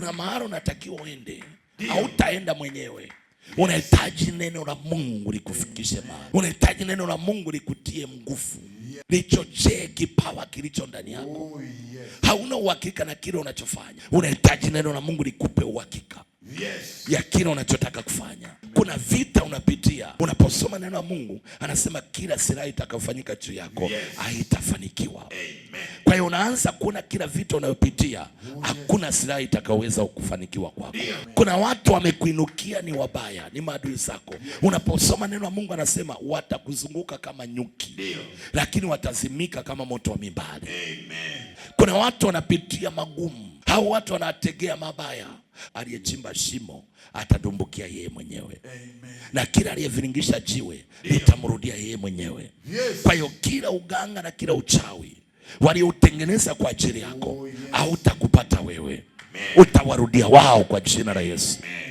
kuna mahali unatakiwa uende, hautaenda mwenyewe. Unahitaji neno la Mungu likufikishe mahali, unahitaji neno la Mungu likutie nguvu, lichochee kipawa kilicho ndani yako. Oh, Hauna uhakika na kile unachofanya, unahitaji neno la Mungu likupe uhakika ya kile unachotaka kufanya. Kuna vita unapitia, unaposoma neno la Mungu anasema kila silaha itakayofanyika juu yako haitafanikiwa ambayo unaanza kuona kila vita unayopitia hakuna silaha itakayoweza kufanikiwa kwako. Kuna watu wamekuinukia, ni wabaya, ni maadui zako. Unaposoma neno la Mungu anasema watakuzunguka kama nyuki, lakini watazimika kama moto wa mimbali. Kuna watu wanapitia magumu, hao watu wanategea mabaya. Aliyechimba shimo atadumbukia yeye mwenyewe. Amen. Na kila aliyeviringisha jiwe litamrudia yeye mwenyewe. Yes. Kwa hiyo kila uganga na kila uchawi walioutengeneza kwa ajili yako, oh, hautakupata wewe, utawarudia wao kwa jina la Yesu.